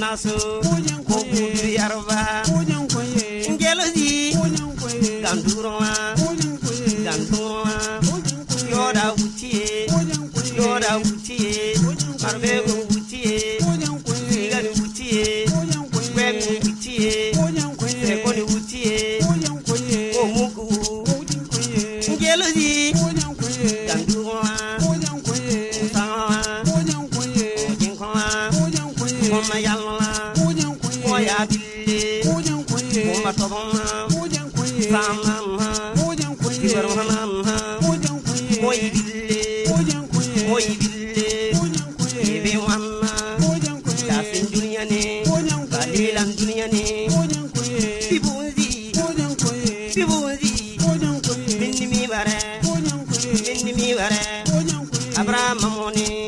kunye sana Abraham Mamoni.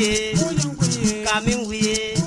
wuye kamin wuye